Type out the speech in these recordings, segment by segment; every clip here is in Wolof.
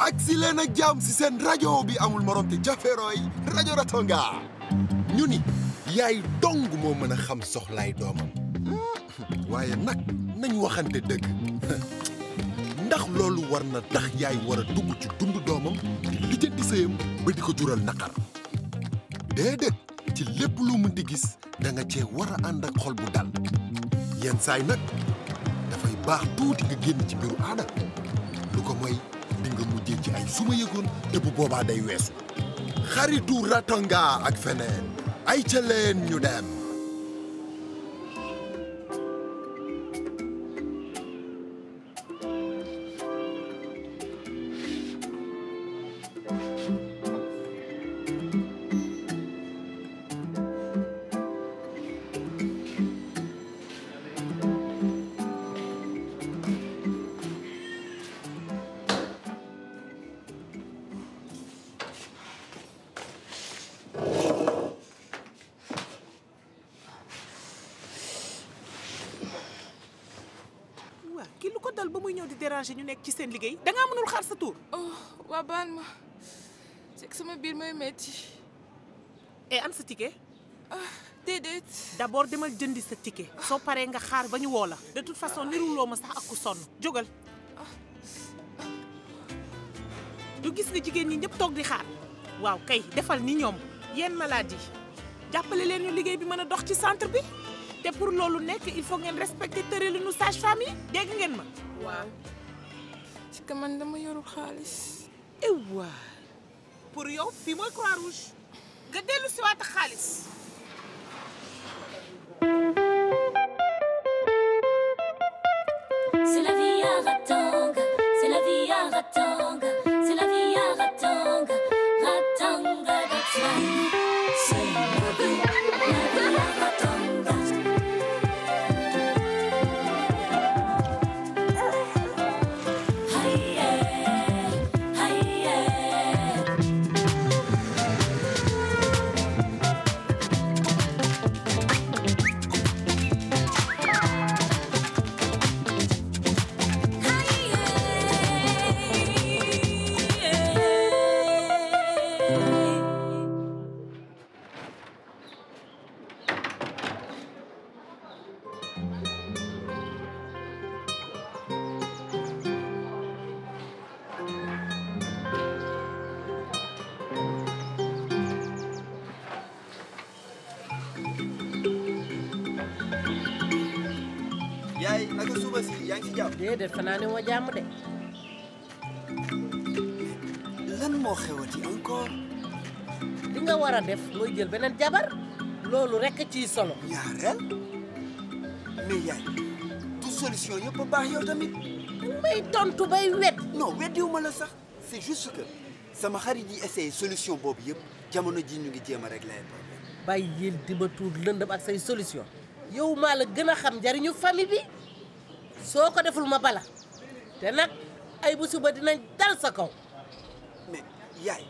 ak si leen ak jàmm si seen rajo bi amul morom te jafeerooy rajo Ratonga ñu ni yaay dong moo mën a xam soxlaay doomam waaye nag nañ waxante dëgg ndax loolu war na tax yaay war a dugg ci dund doomam di lijjanti sëyam ba di ko jural naqar déedéet ci lépp lu mu di gis da nga cee war a ànd ak xol bu dal yenn saay nag dafay baax tuuti nga génn ci biiru aada lu ko moy di nga mujjee ci ay su yëgoon te bu boobaa day weesu xaritu ratanga ak feneen ay ca leen ñu dem déranger ñu nekk ci seen liggéey dangaa mënul xaar sa tour oh, waa baal ma c'est sama biir mooy metti et am sa ticket. ah déedéet. demal jëndi sa ticket. soo paree nga xaar ba ñu woo la. de toute façon niruloo ma sax ak ku sonn jógal. du gis nga jigéen ñi ñëpp toog di xaar. waaw kay defal ni ñoom. yéen maladie jàppale leen ñu liggéey bi mën a dox ci centre bi. te pour loolu nekk il faut ngeen respecter tëralinu sage-femme yi dégg ngeen ma. waaw parce que man xaalis. eh waa yow fii mooy croix rouge nga dellu si waat xaalis. c'est la vie à Ratanga la vie à Ratanga c'est la déedéet fanaa ne jàmm de. lan moo xewati encore. li nga war a def mooy jël beneen jabar loolu rekk ci solo. ñaareel mais yaay du solution yëpp a baax yow tamit. may tontu bay wet. non weddiwuma la sax c'est juste que sama xarit yi essayé solution boobu yëpp jamono ji ñu ngi jéem a réglé problème. bàyyil di ma tuur lëndëm ak say solution yow la gën a xam njariñu famille bi. soo ko deful ma bala te nag ay bu suba dinañ dal sa kaw mais yaay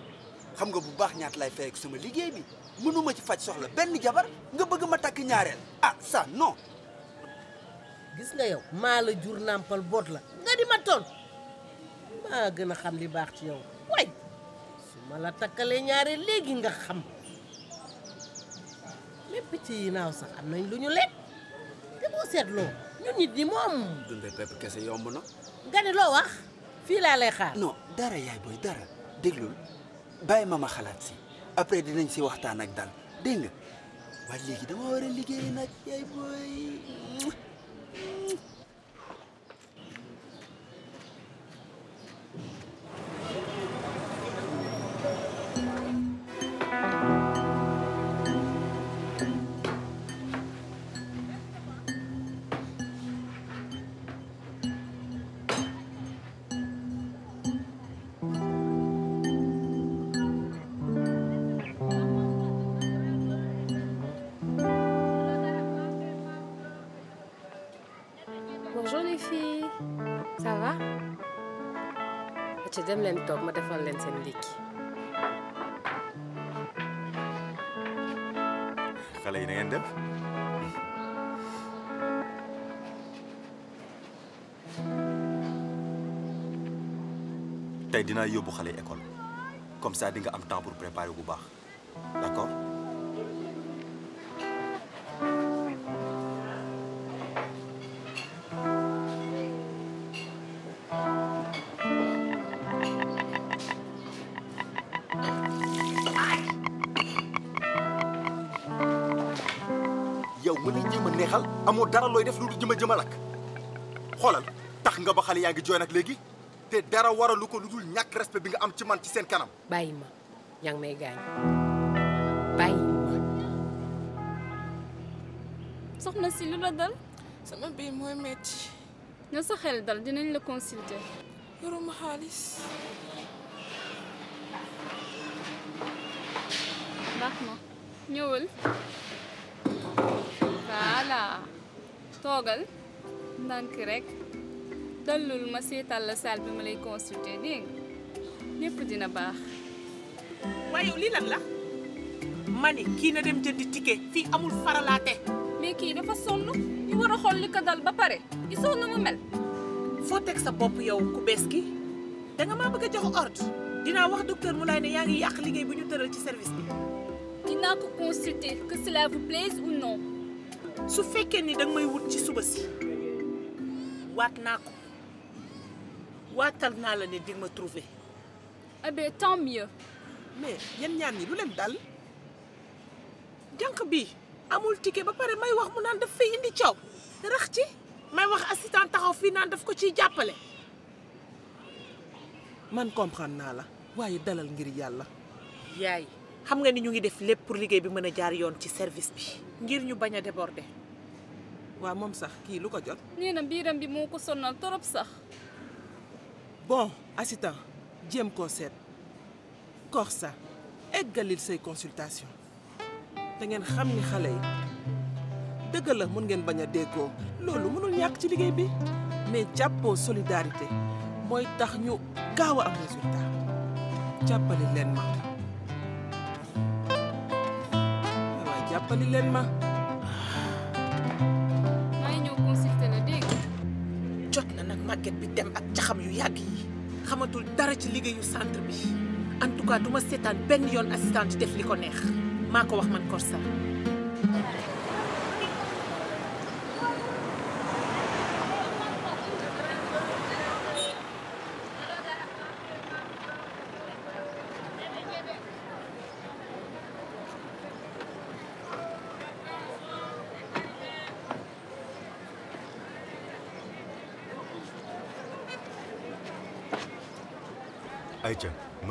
xam nga bu baax ñaata lay fay ak sama liggéey bi mënuma ci faj soxla benn jabar nga bëgg ma takk ñaareel ah ça non gis nga yow maa la jur nàmpal boot la nga di ma ton maa gën a xam li baax ci yow way su ma la takkalee ñaareel léegi nga xam lépp ci yi sax am nañ lu ñu lekk boo seetloo ñun nit ñi moom. dundee pepp kese yomb na. nga loo wax fii laa lay xaar. non dara yaay booy dara déglul bàyyi ma ma xalaat si après dinañ si waxtaan ak dal dégg nga waaye léegi dama war a liggéey nag yaay booy. filles ça va. ci dem toog ma defal leen seen ndékki. xale yi na ngeen tey dinaa yóbbu xale yi école comme ça di am temps pour préparer bu baax d'accord. neexal dara looy def lu dul jëma jëma lakk xoolal tax nga ba xale yaa ngi jooy nag léegi te dara waralu ko lu dul ñàkk respect bi nga am ci man ci seen kanam. bàyyi ma yaa ngi may gaañ bàyyi ma. soxna si lu la dal. sama biir mooy metti. na sa xel dal dinañ la consulter. yoruma xaalis. baax na ñëwal. toogal ndànk rekk dallul ma seetal la salle bi ma lay consulter dégg nga dina baax. waaye lii lan la. ma ne kii na dem jëndi ticket fii amul faralaate. mais kii dafa sonn yi war a xool li ko dal ba pare i sonn mu mel. foo teg sa bopp yow ku bees ki da nga maa bëgg a jox ordre dinaa wax docteur Moulay ne yaa ngi yàq liggéey bu ñu tëral ci service bi. dinaa ko consulter que cela ou non. su fekkee ni danga may wut ci suba si waat naa ko waatal naa la ne di ma trouver. eh bien tant mieux. mais yéen ñaan ñi lu leen dal jànq bi amul ticket ba pare may wax mu naan daf fay indi coow rax ci may wax assistant taxaw fii naan daf ko ciy jàppale. man comprendre naa la waaye dalal ngir yàlla. yaay xam nga ni ñu ngi def lépp pour liggéey bi mën a jaar yoon ci service bi. ngir ñu bañ a déborder. waa moom sax kii lu ko jot. nee na biiram bi moo ko sonal torop sax. bon assistant jéem koo seet Corsa eggalit say consultation te ngeen xam ni xale yi dëgg la mun ngeen bañ a déggoo loolu mënul ñàkk ci liggéey bi mais jàppoo solidarité mooy tax ñu gaaw a am résultat jàppali leen ma waaw jàppali leen ma. mënatul dara ci liggéeyu centre bi en tout cas duma seetaan benn yoon assistante def li ko neex maa ko wax man Corsa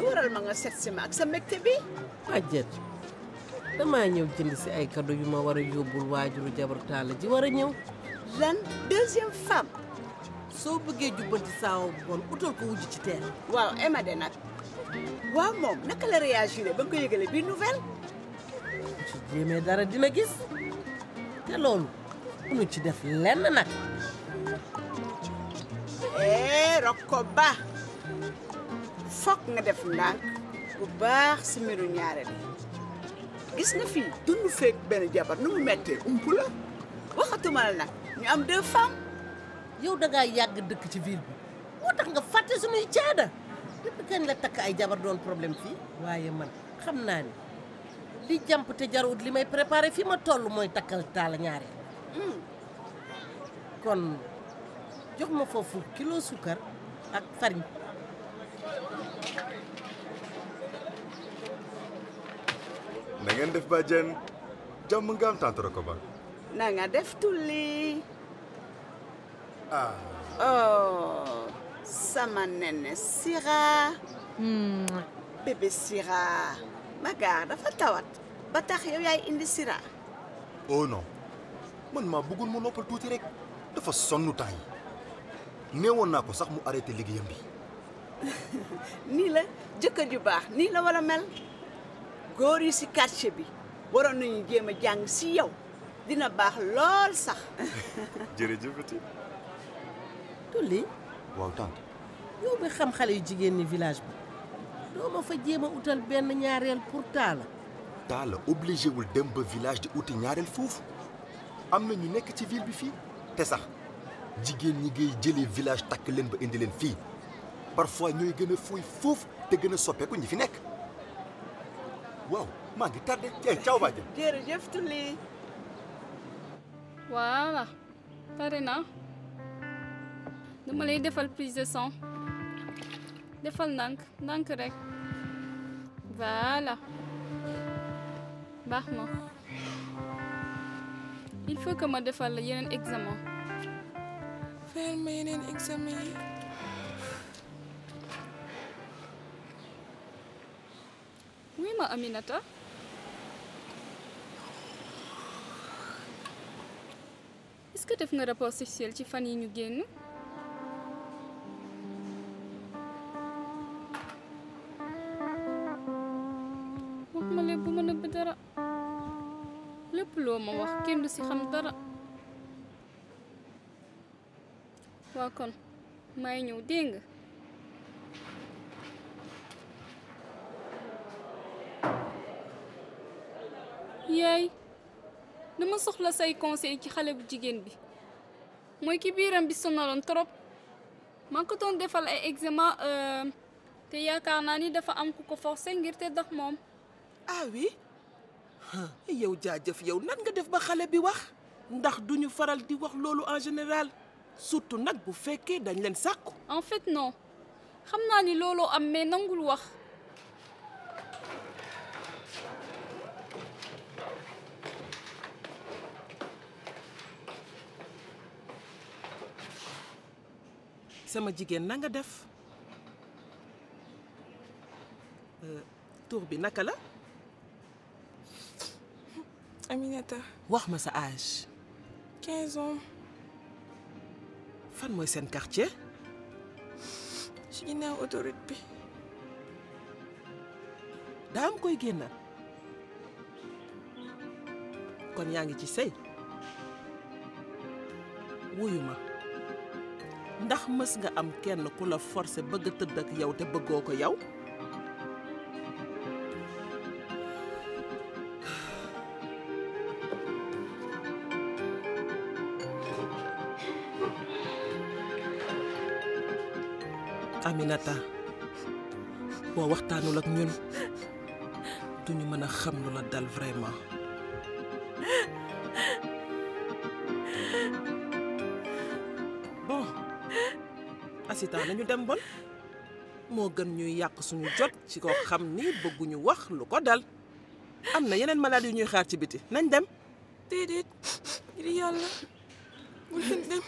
lu waral ma nga set si ma ak sa mbégte bi Maguette damaa ñëw jënd si ay cadeau yu war a yóbbul waajuru jabar taala ji war a ñëw lan deuxième femme soo bëggee jubbanti saawa bu bon utal ko wujj ci teel waaw Emma de nag waaw moom naka la réagir ba nga ko yëgale bii nouvelle ci jéemee dara dina gis te loolu munu ci def lenn nag eh rokko ba foog nga def ndànk bu baax si mbiru ñaareel gis nga fii dund feeg benn jabar nu mu méttee ump la waxatuma la nag ñu am deux femmes. yow da yàgg dëkk ci ville bi moo tax nga fàtte suñuy caada depuis kañ la takk ay jabar doon problème fii waaye man xam naa ni li jàmp te jarut li may préparé fii ma toll mooy takkal taal ñaareel. Hmm. kon jox ma foofu kilo suukar ak farine. na ngeen def bàjjen jàmm nga am tante Rokoba. na nga def tulli. ah. oh sama nene Sira. Hmm. bébé Sira. Maga dafa tawat. ba tax yow yaay indi Sira. oh non man maa bëggoon mu noppal tuuti rek dafa sonn temps yi neewoon naa ko sax mu arrêté liggéeyam bi. nii la jëkkër ju baax nii la wala mel. góor yi si quartier bi waroon nañu jéem a jàng si yow dina baax lool sax. jërëjëfati. tulli. waaw tante. yow xam xale yu jigéen ni village bi doo fa jéem a utal benn ñaareel pour Talla. Talla obligé wul dem ba village di uti ñaareel foofu am na ñu nekk ci ville bi fii te sax jigéen ñi ngay jëlee village takk leen ba indi leen fii parfois ñooy gën a fuy foofu te gën a soppeeku ñi fi nekk. waaw maa ngi tardé cee caw ba jëm. jërëjëf Tulli. voilà pare na dama lay defal prise de son defal ndànk ndànk rek voilà baax na il faut que defal la yeneen examen. fayal ma yeneen examen mi ma Aminata est-ce que def nga rapport sexuel ci fan yi ñu génn wax ma leen bu ma nëbb dara lépp loo ma wax kenn du xam dara waa kon maay ñëw dégg yaay dama soxla say conseil ci xale bu jigéen bi mooy ki biiram bi sonaloon trop maa ko doon defal ay examen euh, te yaakaar naa ni dafa am ku ko forcé ngir te dox moom ah oui yow jaajëf yow nan nga def ba xale bi wax ndax duñu faral di wax loolu en général surtout nag bu fekkee dañ leen sàkku en fait non xam naa ni looloo am mais nangul wax sama jigéen na nga def euh, tur bi naka la. Aminata. wax ma sa âge. 15 ans. fan mooy seen quartier. su ginnaaw autoroute bi. daa am koy génnal. kon yaa ngi ci sëy wuyu ma. ndax mës nga am kenn ku la forcer bëgg a tëdd ak yow te bëggoo ko yow. Aminata boo waxtaanul ak ñun ñu mën a xam lu la dal vraiment. accident nañu dem bon moo gën ñuy yàq suñu jot ci ko xam ni bëgguñu wax lu ko dal am na yeneen malade yu ñuy xaar ci biti nañ dem déedéet ngir yàlla bu leen dem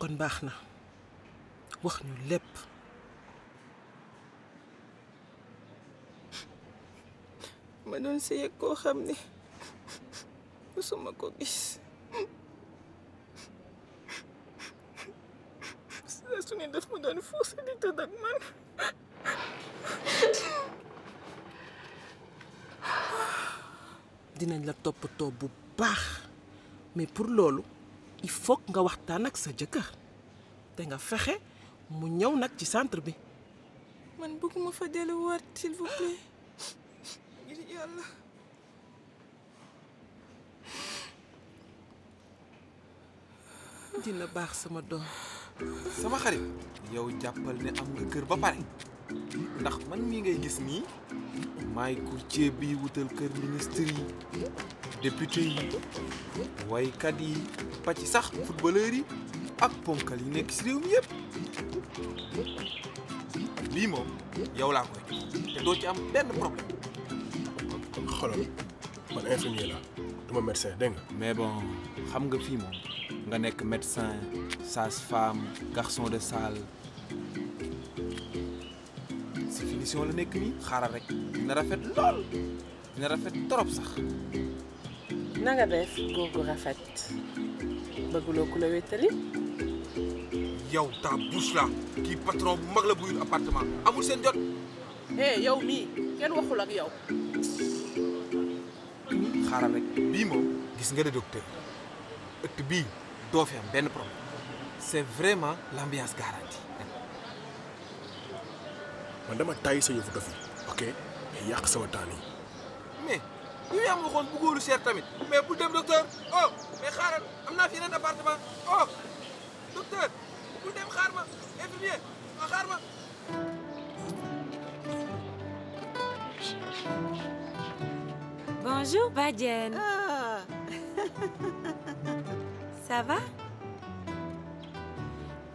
kon baax na wax ñu lépp ma doon sëyeeg koo xam ne sumakoogis saa su ne daf ma daan forcé di tëdd ak man. dinañ la toppatoo bu baax mais pour loolu il faut nga waxtaan ak sa jëkkër te nga fexe mu ñëw nag ci centre bi. man bëgguma fa delluwaat s'il vous plaît ngir yàlla. dina baax sama doom. sama xarit yow jàppal ne am nga kër ba pare ndax man mii ngay gis nii maay courtier bii wutal kër ministre yi yi waykat yi pàcc sax footballeur yi ak ponkal yi nekk ci réew mi yëpp lii moom yow laa koy te doo ci am benn problème. xoolal man infirmier laa duma médecin dégg nga. mais bon xam nga fii moom. nga nekk médecin sage-femme garçon de salle si finition la nekk nii xaaral rek dina rafet lool dina rafet trop sax na nga def góor rafet bëgguloo ku la wéttali yow ta la kii patron bu mag la buyul appartement amul seen jot eh yow mii kenn waxul ak yow xaaral rek bii moom gis nga de docteur ëtt bii am benn problème c'est vraiment l'ambiance garantie. man dama tàyyi sa yëfu dof yi mais yàq sama temps nii. mais yow yaa ma waxoon bëggóolu cher tamit. mais bul dem docteur oh mais xaaral am naa fi yeneen appartement oh docteur bul dem xaar ma infirmier ma xaar ma. Bonjour Badiane. Ah. ça va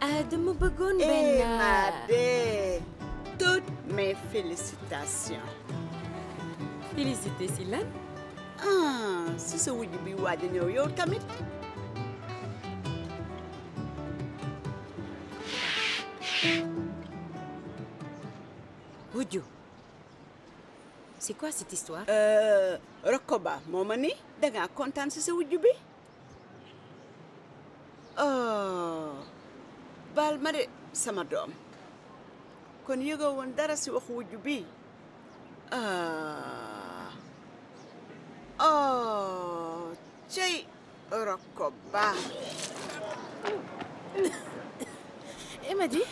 ah dama bëggoon benn. ma belle toutes mes félicitations. félicité ah, si lan. si sa wujj bi waaj a ñëw yow tamit. wujju c'est quoi cette histoire. Euh, Rokoba moo ma ni da kontaan si sa wujj bi. baal ma de sama doom kon yëgoo woon dara si waxu wujj bii oh cey rokko baa Amady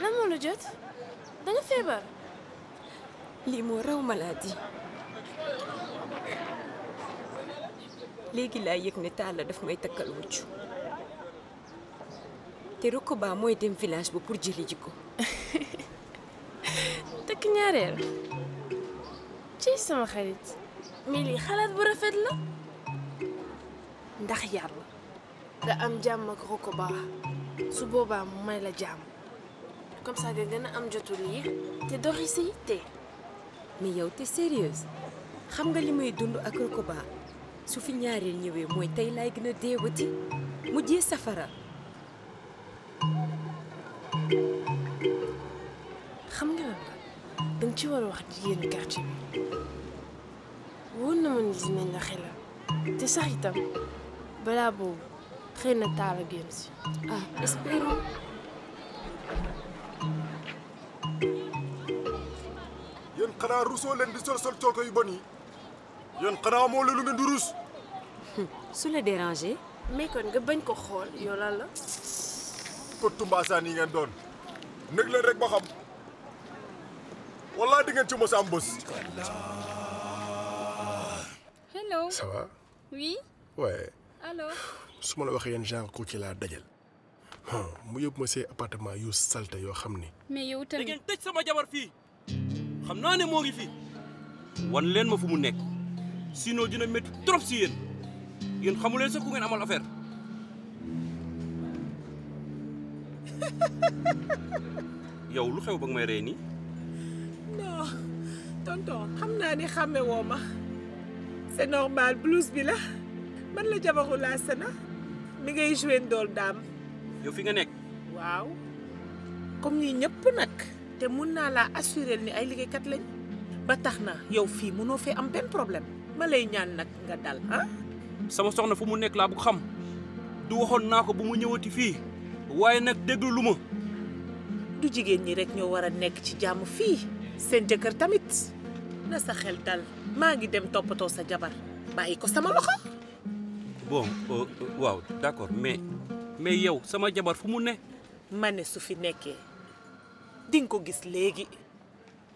lan moo la jot danga feebar lii moo raw maladie léegi laa yëg ne Talla daf may takkal wujj te Rokoba mooy dem village ba pour jëli ji ko. takk ñaareel ci sama xarit mais lii xalaat bu rafet la ndax yàlla nga am jàmm ak Rokoba su boobaa mu may la jàmm comme ça nga gën a am jotul yi te doxi sa yitte mais yow te sérieuse xam nga li muy dund ak Rokoba su fi ñaareel ñëwee mooy tey laay gën a deewati mujjee safara. xam nga lan la war wax jigéenu quartier bi wóor na ma ni dinañ la xelal te sax itam balaa boobu xëy na taal a génn si ah espérons yéen xanaa rusoo leen di sol sol cooko yu bon yi yéen xanaa lu ngeen di su la déranger mais kon nga bañ ko xool yow lan pëttu mbaasaan yi ngeen doon nég rek ba xam wallaa di ci mos am bés waaye su ma la waxee yenn genre ku ci laa dajal mu yóbbu ma see appartement yu salte yoo xam ni mais tëj sama jabar fii xam naa ne moo ngi fii wan leen ma fu mu nekk sinon dina métti trop si yéen yéen xamuleen sax ku ngeen amal affaire yow lu xew ba may rey nii. non tonton xam naa ni xàmme ma c'est normal bi la man la jabaru laa sena mi ngay joué ndool daam. yow fi nga nekk. waaw comme ñi ñëpp nag. te mun naa laa assuré ni ay liggéeykat lañ. ba tax na yow fii mënoo fee am benn problème ma lay ñaan nag nga dal ah? sama soxna fu mu nekk laa bëgg xam du waxoon naa ko bu mu ñëwati fii. waaye nag déglu lu ma du jigéen ñi rek ñoo war a nekk ci jàmm fii seen jëkkër tamit na sa xel dal maa ngi dem toppatoo sa jabar bàyyi ko sama loxo bon euh, euh, waaw d'accord mais mais yow sama jabar fu mu ne ma ne su fi nekkee dinga ko gis léegi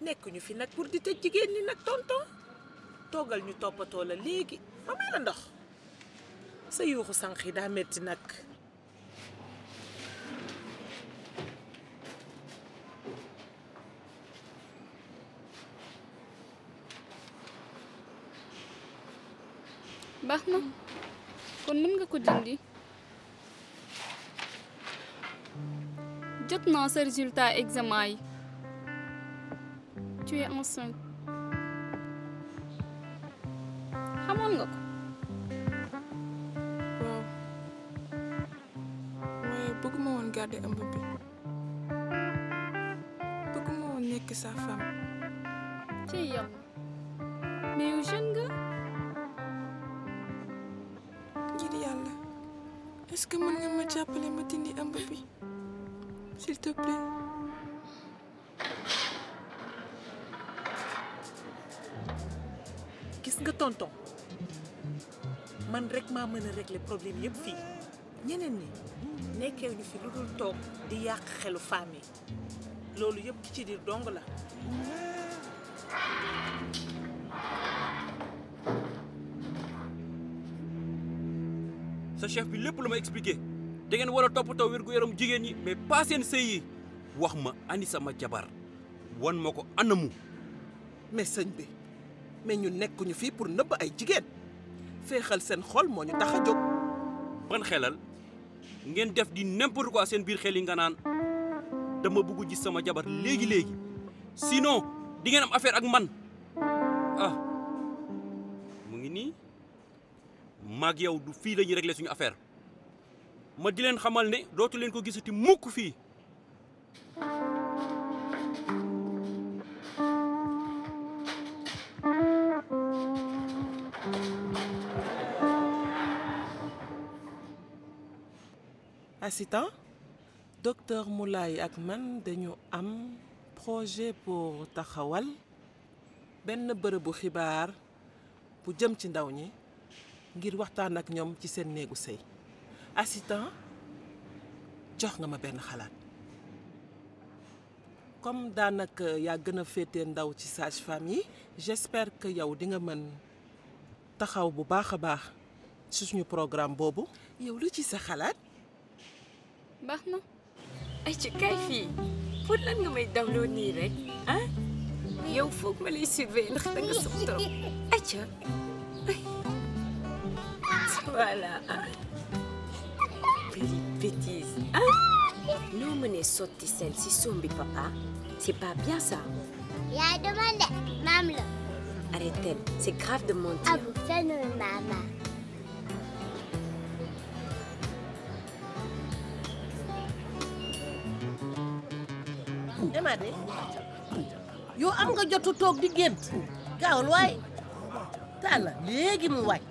nekkuñu fi nag pour di tëj jigéen ñi nag tonton toogal ñu toppatoo la léegi ma may la ndox sa yuuxu sanq yi daa metti nag baax na kon mën nga ko dindi jot naa sa résultat examen yi tu es enceinte xamoon nga ko waaw waaye bëgguma woon garder ëmb bi bëgguma woon nekk sa femme ci yàlla est que mën nga ma jàppale ma dindi ëmb bi s'il te plaît. gis nga tonton man rek maa mën a régler problème yëpp fii ñeneen ñi nekkee ñu fi lu dul toog di yàq xelu femme yi loolu yëpp ki ci diir dong la. chef bi lépp la ma expliqué da ngeen war a toppatoo wér-gu-yaram jigéen ñi mais pas seen sëy yi wax ma ani sama jabar wan ma ko anamu. mais sëñ bi mais ñu nekkuñu fii pour nëbb ay jigéen féexal seen xol moo ñu tax a jóg. ban xelal ngeen def di n'importe quoi seen biir xel yi nga naan dama bëgg gis sama jabar léegi léegi sinon di ngeen am affaire ak man ah mu ngi nii. maag yow du fii la ñuy régler suñu affaire ma di leen xamal ne dootu leen ko gisati mukk fii assistant docteur Moulay ak man dañu am projet pour taxawal benn bërëbu xibaar bu jëm ci ndaw ñi ngir waxtaan ak ñoom ci seen néegu sëy assistant jox nga ma benn xalaat comme daanaka yaa gën a féete ndaw ci sage-femme yi j'espère que yow di nga mën taxaw bu baax a baax ci suñu programme boobu. yow lu ci sa xalaat. baax na. ay ci kay pour lan nga may dawloo nii rek ah foog ma lay surveiller ndax danga sox trop ay voilà bêtise ah sotti sel si sombi papa c'est pas bien ça yaa demandé de mentir abu ah, fenul mama dama de yow am nga jotu toog di gént gaawal waay taala léegi mu wàcc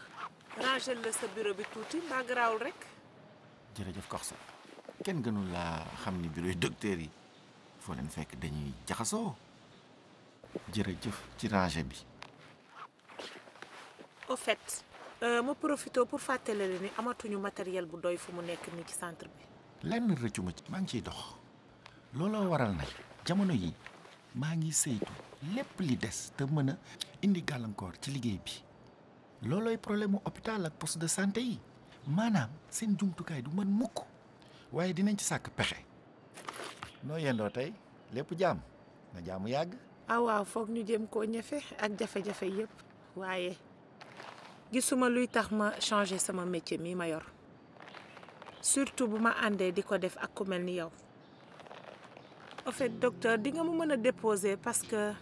rangel la sa bureau bi tuuti mbaa garaawul rek. jërëjëf Corso kenn gënu laa xam ni bureau yi docteur yi foo leen fekk dañuy jaxasoo jërëjëf ci rangé bi. au fait euh, ma profité pour fàttale la ni amatuñu matériel bu doy fu mu nekk nii ci centre bi. lenn rëccu ma ci maa ngi ciy dox looloo waral nag jamono yi maa ngi saytu lépp li des te mën a indi gàllankoor ci liggéey bi. loolooy problème mu hôpital ak poste de santé yi maanaam seen jumtukaay du mën mukk waaye dinañ ci sàkk pexe. noo yendoo tey lépp jaam na jaamu yàgg. ah foog ñu jëm koo ñefe ak jafe-jafe yépp waaye gisuma luy tax ma changer sama métier mi ma yor surtout bu ma àndee di ko def ak ku mel ni yow. en fait docteur di nga mu mën a déposer parce que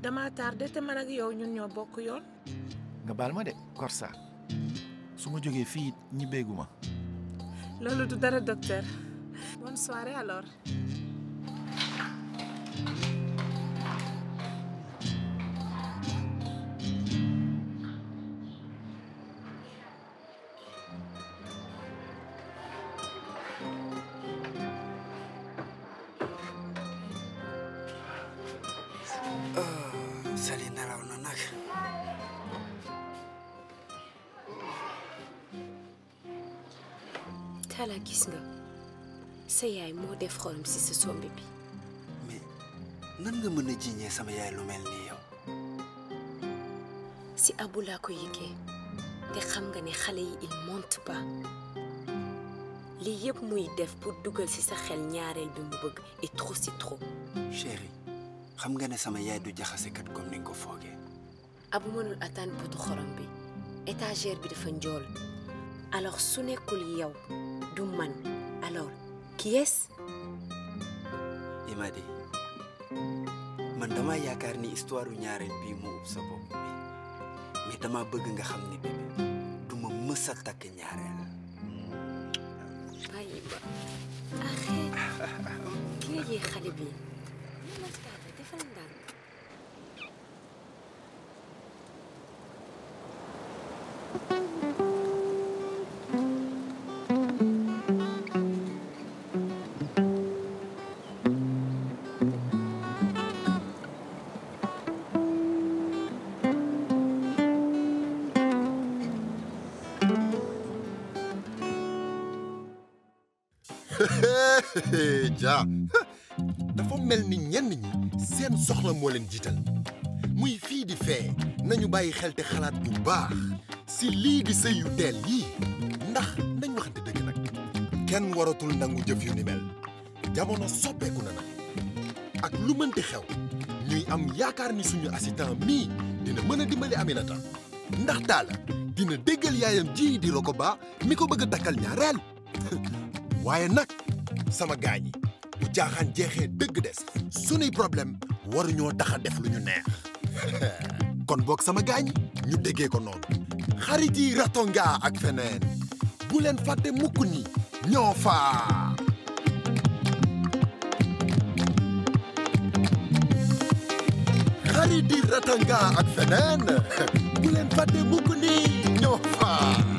dama tardé te man ak yow ñun ñoo bokk yoon. nga baal ma de Korsa su ma jógee fii ñibbeegu ma. loolu du dara docteur. tala gis nga sa yaay moo def xorom ci sa sombi bi mais nan nga mën a jiiñee sama yaay lu mel nii yow si abu laa ko yëgee te xam nga ne xale yi il monte pas lii yëpp muy def pour dugal ci sa xel ñaareel bi mu bëgg et trop si trop chérie xam nga ne sama yaay du jaxasekat comme ni ko foogee abu mënul attaan potu xorom bi étagère bi dafa njool alors su nekkul yow Dumman. Alors, qui est-ce Imadi. man dama yaakaar ni histoire ñaareel bii moo sa bopp bi dama bëgg nga xam ni bébé du ma mës a takk ñaareel. bàyyi ba arrête kii xale bi. Dia dafa mel ni ñenn ñi seen soxla moo leen jiital muy fii di fee nañu bàyyi xel te xalaat bu baax si lii di sëy yu teel yii ndax nañ waxante dëgg nag kenn waratul nangu jëf yu ni mel jamono soppeeku na nag ak lu mënti xew ñuy am yaakaar ni suñu assistant mii dina mën a dimbali Aminata ndax taala dina déggal yaayam ji di Rokoba mi ko bëgg a takkal ñaareel waaye nag. sama gaañ yi bu jaaxaan jeexee dëgg des sunuy problème waruñoo tax a def lu ñu neex kon boog sama gaañ ñu déggee ko noonu xarit yi ratonga ak ni ñoo faa ak feneen bu leen mukk ni ñoo faa